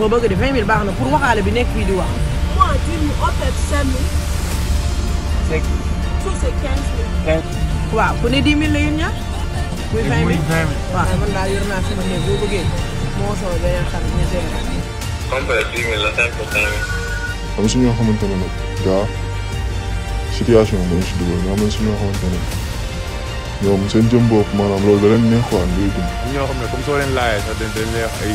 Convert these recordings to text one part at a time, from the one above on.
nga bëgg di 20 000 baax na pour waxaale bi nekk fii di wax. moi 10 000 OPEX 5 000. c'est. tout c'est 15 000. 15. waaw ku ne 10 000 la yéen ñaar. muy 20 000 muy 20 000. waaw man daal yor naa sama néeg boo bëggee moo sama beneen xam ñu gérer. complet 10 000 la 5 pour 5 000. am suñu yoo xamante ne nag gaa situation bi ñu si dugal nga am na suñu yoo xamante ne ñoom seen jëm bopp maanaam loolu da leen neex quoi ñuy dund. ñoo xam ne comme soo leen laajee sax dañ leen neex ay.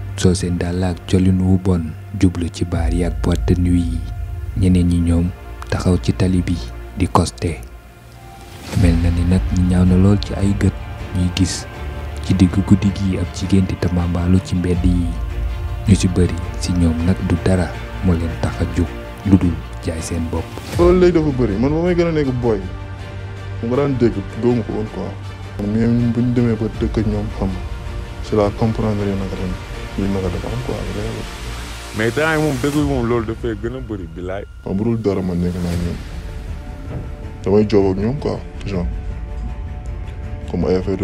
sen dal ak ubon, wu bon jublu ci bar yi boîte de nuit ñeneen ñi ñom taxaw ci talibi di koste mel na ni nak ñi ñaaw na lol ci ay ñi gis ci digg guddi gi ab di tamambaalu ci mbedd yi ñu ci bari si ñom nak du dara mo leen taxa a jóg jaay seen bop lol oh, lay dafa bari man bamay gëna nek boy mu nga daan dégg doom ko won quoi mais buñ démé ba dëkk ñom xam cela comprendre yu nak ren ñuy naka dafa am quoi vraiment. mais temps yi moom dëkk bi moom loolu dafay gën a bëri bilaay. waaw bu dul dara man nekk naa ñoom damay jooboo ak ñoom quoi genre comme ay affaire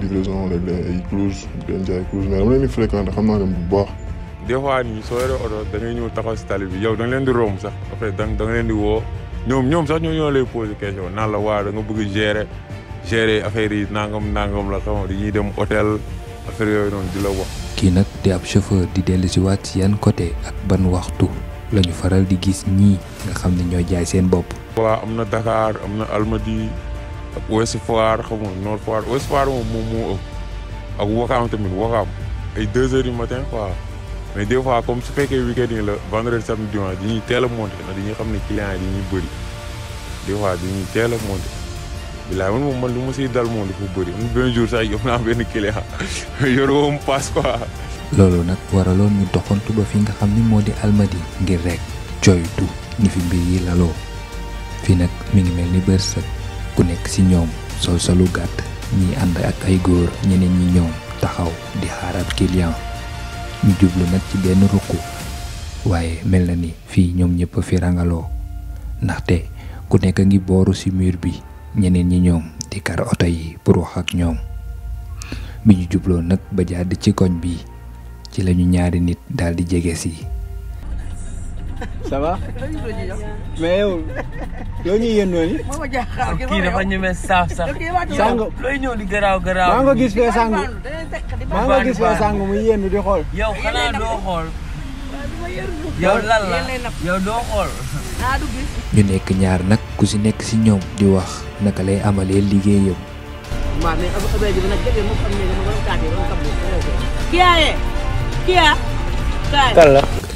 livraison rek ay cruise ngeen jaay cruise mais dama leen di fréquenter xam naa leen bu baax. des fois nii soo yoree oto da ngay ñëw taxaw si tali bi yow da nga leen di romb sax après da nga leen di woo ñoom ñoom sax ñoo ñoo lay posé question naan la waa da nga bëgg gérer gérer affaire yi nangam nangam la xam nga dañuy dem hôtel. affaire yooyu noonu di la wax. kii nag di ab chauffeur di dellu si waat yan côté ak ban waxtu la faral di gis nii nga xam ne ñooy jaay seen bopp. voilà am na Dakar am na Almadies ak Ouest Foire xam nga Nord Foire Ouest Foire moom moom moo ëpp ak Wakaam tamit Wakaam ay deux heures du matin quoi mais des fois comme su fekkee week yi la vendredi samedi dimanche dañuy teel a monté dañuy xam ne clients yi dañuy bëri des fois dañuy teel a monté. bilaay man moom man lu ma dal moom dafa bëri am benn jour sax yow naa lolo client yor woom paas quoi. loolu nag waraloon ñu doxantu ba fi nga di almadi ngir rek joytu ni fi mbir yi laloo fi nag mi ngi ni bërsëg ku nekk si ñoom sol sa lu ñi ànd ak ay góor ñeneen ñi ñoom taxaw di client ñu jublu nak ci ni fi ndaxte si mur nyenin nyinyong di kar oto yi pour wax ak ñoom bi ñu jubloo nag bi cila lañu nit daal di jege si ça va mais yow lo ñuy yeen noni ki dafa ñu mess saaf sax di gerau gerau. ma nga gis fe sang ma nga gis fe sang mu yeen di xol yow xana do xol do nak kusinek ci nekk ci di naka lay amalee liggéeyam.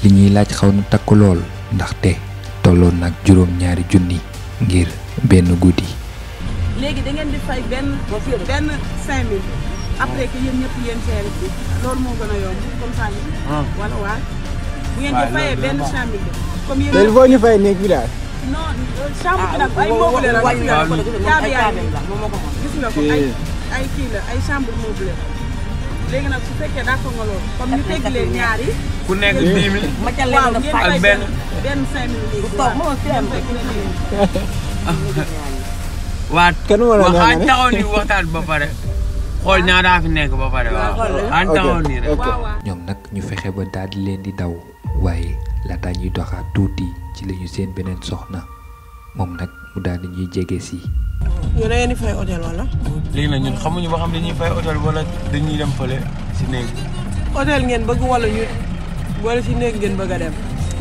li ñuy laaj xaw na takk lool ndaxte tolloon nag juróom ñaari junni ngir benn guddi. léegi da di fay benn benn cinq mille après que yéen ñëpp yéen loolu moo gën a yomb comme ça wala waa bu ngeen di fayee benn cinq mille comme non ah, chambre bi nag ay meuble la caabi yaay gis nga ko ay ay kii la ay chambre meuble léegi nag su fekkee d'accord nga loolu comme ñu teg nekk ba pare xool ñaaraa fi nekk ba pare waaw ñoom nag ñu fexe ba daal di leen di daw waaye laataa ñuy doxaat tuuti ci la ñu seen beneen soxna moom nag mu daal ñuy jege si. ñu da ngeen di fay hôtel wala. xamuñu ba xam dañuy fay hôtel wala dañuy dem fële si néeg. hôtel ngeen bëgg wala ñu wala si néeg ngeen bëgg a dem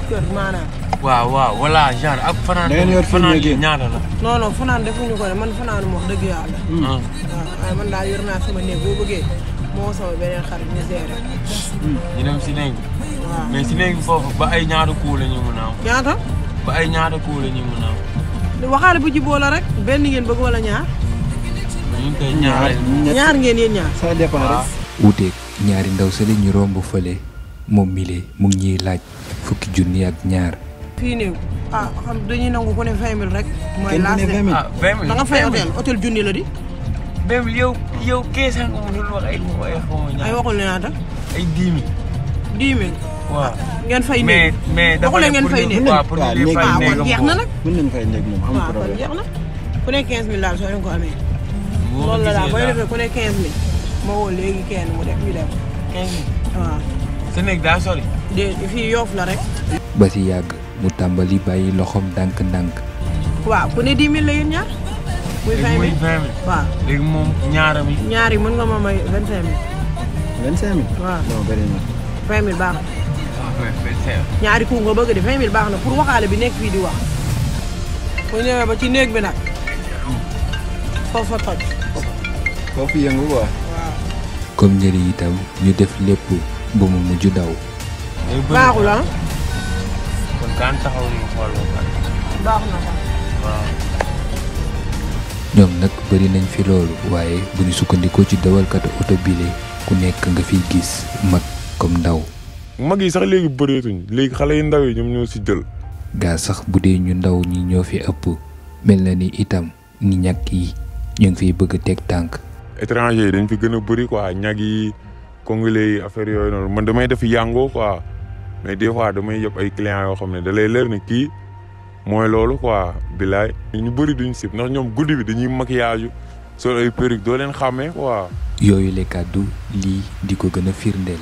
kër maanaam. waaw waaw voilà genre ak fanaan. da ngeen yor fanaan ñaata la. non non fanaan defuñu ko de man fanaan wax dëgg yàlla. Hmm. Ah, waaw man daal yor naa sama néeg boo bëggee moo sama beneen xarit ñu seere. Hmm. ñu dem si néeg mais si néegi ba ay ñaar kuu la ñu mën a am. ñaata. ba ay ñaata kuu la ñu mën a am. waxaale bu jiboo la rek benn ngeen bëgg wala ñaar. ñu ñaar ngeen yéen ñaar. ça dépend ñaari ndaw sële ñu romb fële moom mile mu ngi laaj fukki junni ak ñaar. fii nii ah xam dañuy nangu ku ne vingt rek. mooy laas de ah vingt mille da nga fay junni la di. vingt mille yow yow nga ma doon wax ay waxul ñaata. ay dix mille. waaw ngeen fay néeg mais mais waxuleen ngeen fay néeg waaw pour ñu fay néeg moom jeex na nag mën nañ fay néeg moom amul problème jeex na ku ne 15000 daal soo leen ko amee loolu la daal boo defee ku ne 15000 ma woo léegi kenn mu def ñu dem 15000 waaw sa néeg daa sori dé fii yoof la rek ba si yàgg mu tàmbali bàyyi loxoom ndànk-ndànk waaw ku ne 10000 la yéen ñaar muy 20000 waaw léegi moom ñaaram yi ñaar yi mën nga ma may 25000 25000 waaw non bëri na 20000 baax Nyari kungo bëgg di 20000 baax na pour video. bi nek fii di wax bu ñëwee ba ci néeg bi nag foofa toj foofu yëngu quoi comme njëri itam ñu def lépp ba mu mujj daw baaxul ah kon kan taxaw ñu bari nañ fi mag yi sax léegi bëreetuñ léegi xale yu ndaw yi ñoom ñoo si jël. gaa sax bu dee ñu ndaw ñi ñoo fi ëpp mel na ni itam ni ñàkk yi ñu ngi fiy bëgg teg tànk. étranger yi dañ fi gën a bëri quoi ñag yi congolais yi yooyu noonu man damay def yàngoo quoi mais des fois damay yëpp ay clients yoo xam ne da lay leer ne kii mooy loolu quoi bilaay. ñu bëri duñu sib ndax ñoom guddi bi dañuy maquillage sol ay perruque doo leen xàmmee quoi. yooyu la kàddu lii di ko gën a firndeel.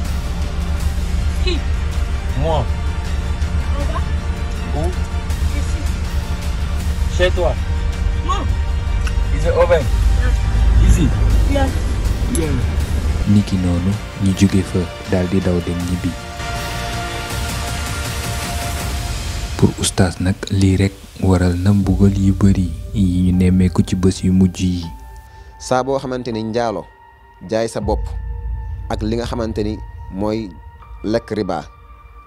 Qui Moi. En bas Où Ici. Chez toi Non. Is it over? ici Easy? Yeah. niki nono ñu jóge fa daal di daw dem ñibi. pour oustaz nak li rek waral na mbugal yu bari yi ñu ko ci bés yu mujj yi saa boo xamante jaay sa bop ak li nga xamanteni moy lekk riba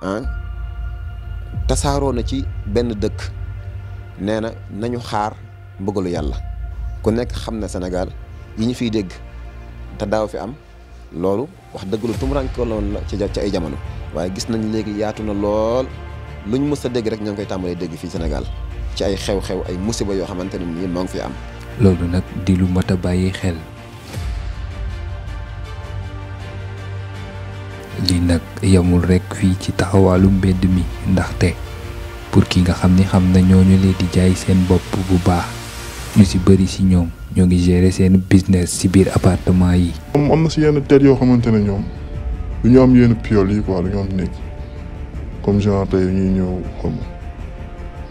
ah tasaaroo na ci benn dëkk nee na nañu xaar mbëggalu yàlla ku nekk xam na senegal yi ñu fiy dégg te daaw fi am loolu wax dëgg lu tumuraanke loon la ci ci ay jamono waaye gis nañ léegi yaatu na lool luñ mës a dégg rek ñoo ngi koy tàmbalee dégg fii senegal ci ay xew-xew ay musiba yoo xamante ne nii moo ngi fi am. loolu nag di lu mat bàyyi xel. li nag yemul rekk fii ci taxawaalu mbedd mi ndaxte pour ki nga xamni xam na ñooñu lee di jaay seen bop bu baax ñu ci bëri ci ñoom ñoo ngi gérer seen business ci biir appartement yi. moom am na ci yenn tête yo xamantene ne ñoom du ñu am yenn piol yi quoi du am néeg comme genre tey ñuy ñëw comme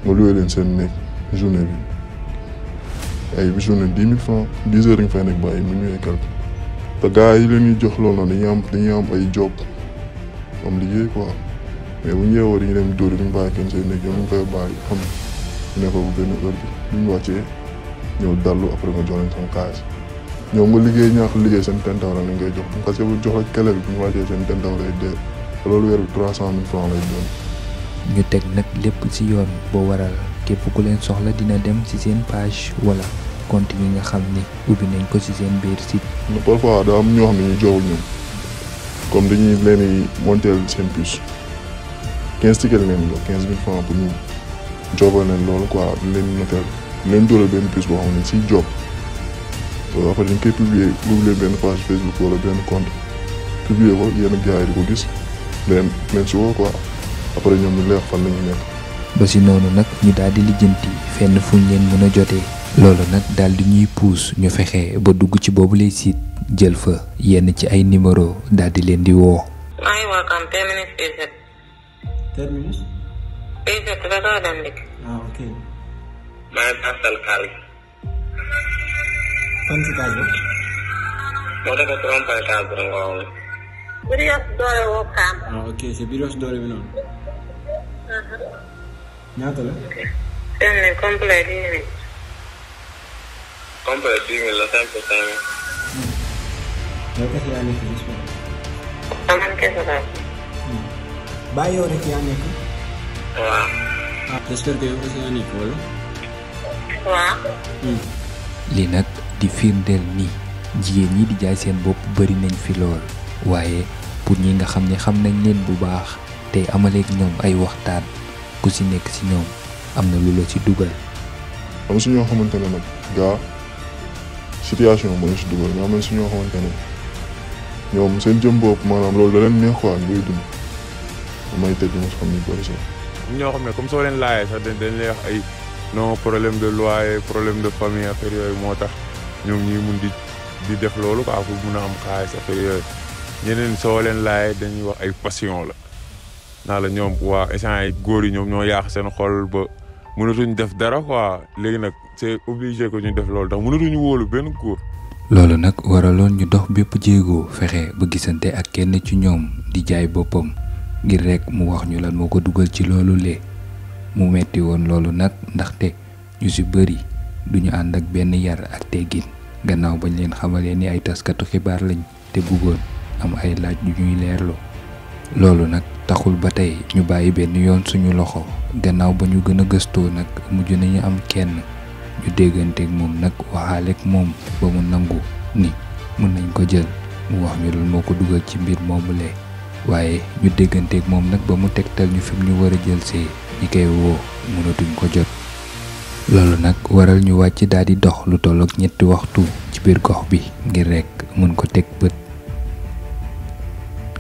nga loué leen seen néeg journée bi ay journée dix mille francs dix heures nga fay nekk ba ay minuit et quelques te gars yi leen ñuy jox loolu noonu dañuy am dañuy am ay job am liggéey quoi mais bu ñu yeewoo dañu dem dóor duñu bàyyi kenn seen nekk yow ñu fay bàyyi xam ñu ne fa bu benn heure bi ñu wàccee ñëw dallu après nga jox leen sama kaas ñoom nga liggéey ñaax liggéey seen ten taw la koy jox parce que bu jox la kele bi bu wàccee seen ten taw lay dee loolu weer bi trois cent mille francs lay ñu teg nag lépp ci yoon ba waral képp ku leen soxla dina dem ci seen page wala compte yi nga xam ni ubbi nañ ko ci seen biir site. parfois daa am ñoo xam ne ñu joxul ñoom. comme dañuy leen di monteel seen puce quinze ticket la leen jox ñu joobal leen loolu quoi leen noteel leen dóoral benn puce boo xam ne si job euh, après dañ koy publier publier benn page Facebook wala benn compte publier ko yenn gars yi di ko gis leen leen si woo quoi après ñoom ñu leer fan la ñu nekk. ba si noonu nag ñu daal di lijjanti fenn fu ñu leen mën a jotee. loolu nag daal di ñuy puus ñu fexe ba dugg ci boobu lay jël fa yenn ci ay numéro daal di leen di woo maa ngi kam terminus PZ terminus ah ok maa ngi fan si taal ba moo dafa trompal nga Birios woo ah ok c'est Birios bi noonu uh-huh compra il jingle sempre sempre Berapa sih aneh ini semua? Tangan ke sana. Hmm. Bayo orang yang Wah. Terus kerja apa Wah. Hmm. li di firndeel ni jigéen ñi di jaay seen bopp bari nañ fi lool waaye pour ñi nga xam ne xam nañ leen bu baax amaleeg ñoom ay waxtaan ku si nekk si ñoom am na lu la ci dugal am xamante ne nag situation moo ñu si dugal ñoo xamante ne ñoom seen jëm bopp maanaam loolu da leen neex ko ñu koy dund damay tëj mos xam ni bëri sax. ñoo xam ne comme soo leen laajee sax dañ dañ lay ay non problème de loyer problème de famille affaire yooyu moo tax ñoom ñuy mun di di def loolu quoi pour mun a am xaalis affaire yooyu ñeneen soo leen laajee dañuy wax ay passion la naa la ñoom waa instant yi góor yi ñoom ñoo yaax seen xol ba. mënatuñ def dara quoi léegi nag c'est obligé que ñu def loolu tax mënatuñu wóolu benn góor. loolu nag waraloon ñu dox bépp jéego fexe ba gisante ak kenn ci ñoom di jaay boppam ngir rekk mu wax ñu lan moo ko dugal ci loolu lee mu metti woon loolu nag ndaxte ñu ci bëri duñu ànd ak benn yar ak teggin gannaaw bañ leen xamalee ni ay taskatu xibaar lañ te bëggoon am ay laaj yu ñuy leerloo. Lolo nak taxul batay nyu ñu bayyi ben yoon suñu loxo gannaaw bañu gëna gëstu nak gëstoo nag mujj nañu am kenn ñu dégganteeg mom nak waxaaleeg mom ba mu nangu ni mun nañ ko jël mu wax ñu lool moko duggal dugal ci mbir moomule waaye ñu dégganteeg mom nak ba mu tektal ñu fim ñu wara jël see ñi koy wo mënatuñ ko jot loolu nak waral ñu wacc daal di dox lu tolok ñetti waxtu ci bir gox bi ngir rek mun ko tek bët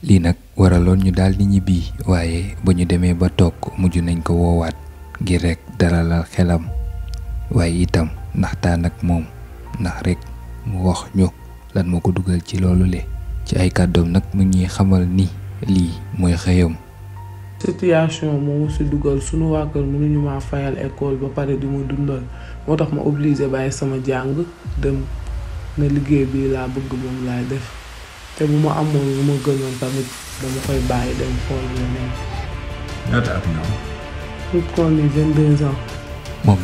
li nak waralon ñu dal loolu ñi bi waye bu ñu démé ba tok muju nañ ko wowat gi rek dalalal xelam waye itam ta nak mom ndax rek mu wax ñu lan moko duggal dugal ci lolu le ci ay kaddom nak mu ñi xamal ni li moy xëyam situation moomu si dugal sunu waa kër mënuñu maa fayal école ba pare di ma dundal moo tax ma obligé bàyyi sama jàng dem na liggéey bi laa bëgg moom laay def te bu ma amoon lu ma gënoon tamit dama koy bàyyi dem xool leneen. ñaata at moom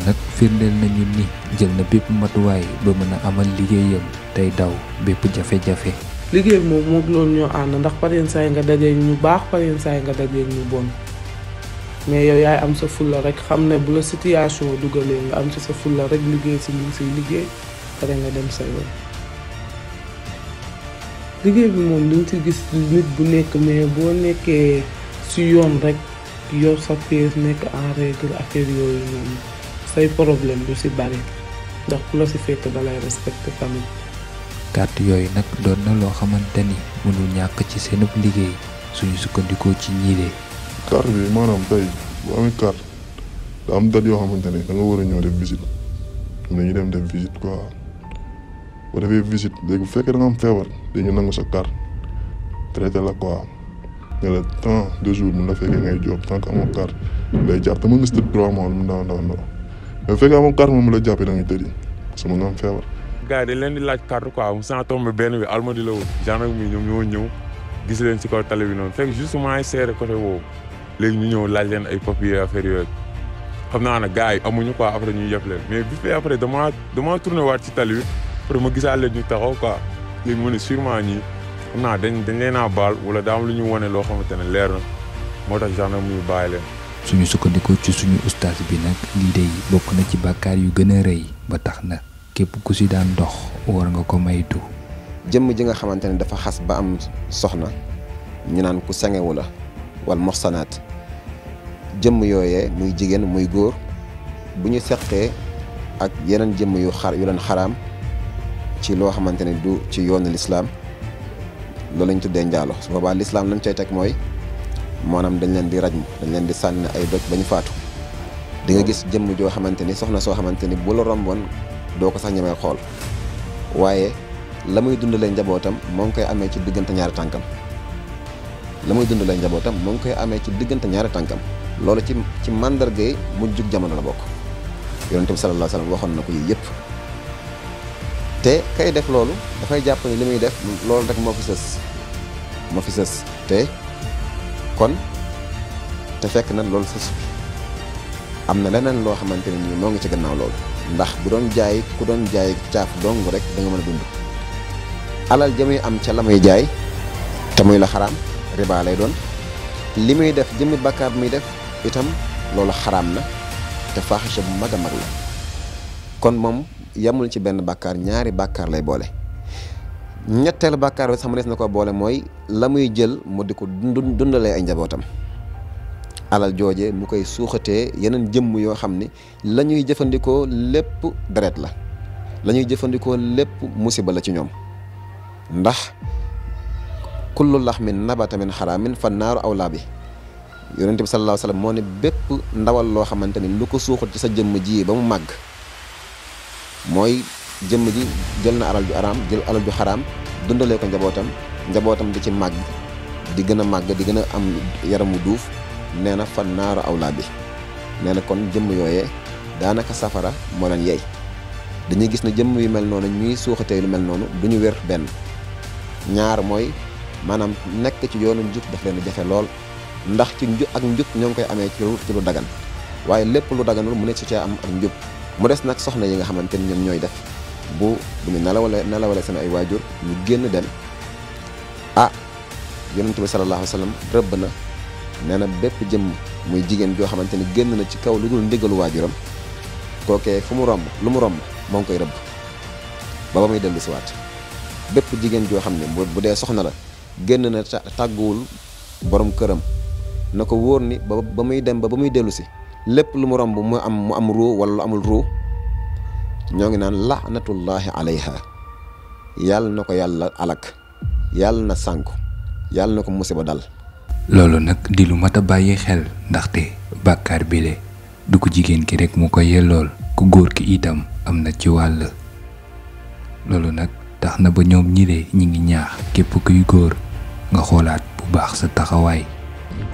nag firndeel nañu ni jël na bépp matuwaay ba mën a amal liggéeyam tey daw bépp jafe-jafe. liggéey moom moog loon ñoo ànd ndax par yenn saa yi nga dajee ñu baax par yenn saa yi nga dajee ñu bon mais yow yaay am sa fulla rek xam ne bu la situation dugalee nga am ci sa fulla rek liggéey si ngi siy liggéey pare nga dem sa yoon liggéey bi moom liñ ci gis nit bu nekk mais boo nekkee si yoon rek yor sa pièce nekk en règle affaire yooyu noonu say problème du si bari ndax ku la si fekk dalay respecté famille carte yooyu nag doon na loo xamante ni mënul ñàkk ci seenub liggéey suñu sukkandikoo ci ñiilee carte bi maanaam tey bu amee carte da am dat yoo xamante ne da nga war a ñëw def visite dañuy dem def visite quoi bu defee visite léegi bu fekkee da nga am feebar dañu nangu sa carte traité la quoi ne la temps deux jours mun la fekkee ngay job tant que amoo carte lay jàpp te mën nga si ndaw ndaw ndaw mais fekkee amoo la jàppee da ngay parce que gars yi dañ leen di laaj carte quoi sans tomber benn bi almadi la woon gendarme yi ñoom ñoo ñëw gis leen si kaw tali bi noonu fekk justement ay seere côté boobu léegi ñu ñëw laaj leen ay papier affaire yooyu xam naa ne gars yi amuñu quoi après ñu yëpp leen mais bi fee après damaa damaa waat ci tali bi après ma gisaa leen ñu taxaw quoi léegi mu ne sûrement ñii xam naa dañ dañ leen a baal wala daa lu ñu wane loo xamante ne leer na moo tax gendarme yi bàyyi leen. suñu sukkandikoo ci suñu ustaas bi nag bokk na ci bàkkaar yu gën a rëy ba tax na képp ku si daan dox war nga ko maytu du jëmm ji nga xamante ne dafa xas ba am soxna ñu naan ku sangewu la wal moxsanaat jëmm yooyee muy jigéen muy góor bu ñu seqee ak yeneen jëmm yu xar yu leen xaraam ci loo xamante ne du ci yoonu lislaam loolu lañ tuddee njaalo su boobaa lislaam lañ cay teg mooy maanaam dañ leen di rajmu dañ leen di sànni ay doj ba ñu faatu di nga gis jëmm joo xamante ni soxna soo xamante ni bu la romboon doo ko sax ñemee xool waaye la muy dundalee njabootam moo ngi koy amee ci diggante ñaari tànkam la muy dundalee njabootam moo ngi koy amee ci diggante ñaari tànkam loolu ci ci màndargay mujjug jamono la bokk yonente bi sallallahu alayhi waxoon na ko yii yëpp te kay def loolu dafay jàpp li muy def loolu rek moo fi sës moo fi sës te kon te fekk na loolu sës am na leneen loo xamante ne nii moo ngi ci gannaaw loolu ndax bu doon jaay ku doon jaay caaf dong rek danga mën a dund alal ja muy am ca la muy jaay te muy la xaraam riba doon li muy def jëmmi bakkaar muy def itam loolu xaraam na te faaxisha bu mag a mag la kon moom yamul ci benn bakkaar ñaari bakkaar lay boole ñetteelu bakkaar bi sax mu des na ko boole mooy la muy jël mu di ko dund dundalee ay njabootam alal jooje mu koy suuxatee yeneen jëmm yoo xam ne la ñuy jëfandikoo lépp deret la lañuy jëfandikoo lépp musiba la ci ñoom ndax kullu laxmin nabata min xaraamin fa naaru awlaa bi yonente bi moo ne bépp ndawal loo xamante ni lu ko suuxat ci sa jëmm ji ba mu màgg mooy jëmm ji jël na alal ju araam jël alal ju xaraam dundalee ko njabootam njabootam di ci màgg di gën a màgg di gën a am yaram yaramu duuf nee na fan naaru bi kon jëmm yooyee daanaka safara moo leen yey dañuy gis ne jëmm yu mel noonu ñuy suuxatee lu mel noonu du ñu wér benn ñaar mooy maanaam nekk ci yoonu njub daf leen jafe lool ndax ci njub ak njub ñoo ngi koy amee ci lu ci lu dagan waaye lépp lu daganul mu ne ci cee am ak njub mu des nag soxna yi nga xamante ni ñoom ñooy def bu bu ñu nelawale nelawale seen ay waajur ñu génn dem ah yonent bi sallallahu alayhi wa sallam rëbb na nee na bépp jëm muy jigéen joo xamante ni génn na ci kaw lu dul ndigalu waajuram kookee fu mu romb lu mu romb moo ngi koy rëbb ba ba muy dellu si waat jigéen joo xam ne bu dee soxna la génn na tàgguwul borom këram na ko wóor ni ba ba muy dem ba ba muy dellu si lépp lu mu romb mu am mu am ru wala lu amul ruu ñoo ngi naan laanatullahi alayha yàlla na ko yàlla alak yàlla na sànku yàlla na ko musiba dal lolo nak di lu mat a te xel ndaxte dukujigen bile du ko jigen ki rek mu ko yellool ku gor ki itam amna na ci wal loolu nak taxna ba ñom ñi ñile ñi ngi ñaax képp kuy gor nga xolaat bu baax sa taxaway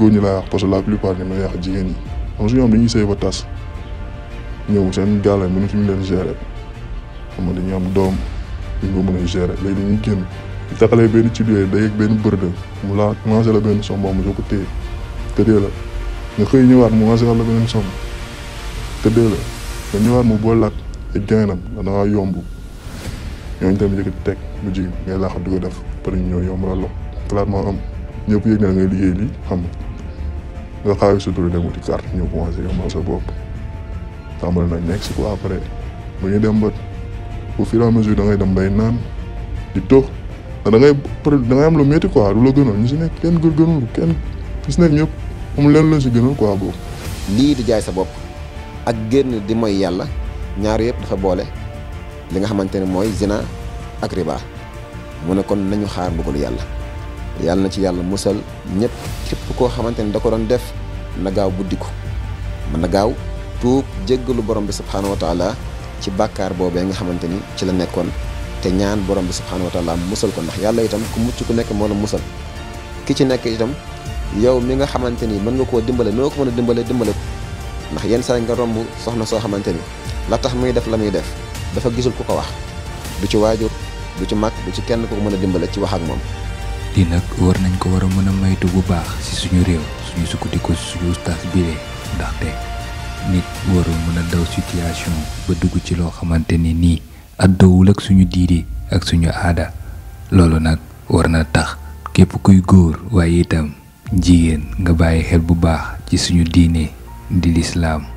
ko ñu la wax parce que la plupart ñoom ñoo yàq jigéen am ñom dañuy sey ba tass ñew sen galay mënu ñu leen gérer dañuy am gérer lay dañuy kenn taxalee ben ci biir day ak ben bërda mu la commencé la ben somb am soo ko téye tëddee la nga xëy ñëwaat mu commencé la ben benn somb tëddee la nga ñëwaat mu lat ay gainam da ngaa yomb ñu tamit yëkkati teg bu jig ngay la xadu def par ñoo yomb la lo plat mo am ñëpp yëg na ngay liggéey li xam nga su sutura dem ci carte ñu commencé yombal sa bop tambal na next quoi après mu ñu dem ba au fur et à mesure da ngay dem bay naan di tok da ngay da ngay am lu métti quoi lu la gënoon ñu si nekk kenn gën gënul kenn ñu si nekk ñëpp boobu. lii di jaay sa bopp ak génn di mooy yàlla ñaar yëpp dafa boole li nga xamante ne mooy zina ak riba mu ne kon nañu xaar mbugalu yàlla yàlla na ci yàlla musal ñëpp koo xamante ne da ko doon def na gaaw ko mën na gaaw tuub jéggalu borom bi subhaanahu wa ci bàkkaar boobee nga xamante ni ci la nekkoon te ñaan borom bi subhanahu wa taala musal ko ndax yalla itam ku muccu ku nek mo la musal ki ci nek itam yow mi nga xamanteni man nga ko dimbalé no ko mëna dimbalé dimbalé ndax yeen saa nga rombu soxna so xamanteni la tax muy def lamuy def dafa gisul ku ko wax du ci wajur du ci mak du ci kenn ku ko mëna dimbalé ci wax ak mom di nak war nañ ko wara mëna maytu bu baax si suñu réew suñu sukkandiko si suñu ustaas ndax ndaxte nit waru mëna daw situation ba dugg ci lo xamanteni ni àddoowul ak suñu diine ak suñu aada loolu nag war na tax képp kuy góor waaye itam jigéen nga bàyyi xel bu baax ci suñu diine di lislaam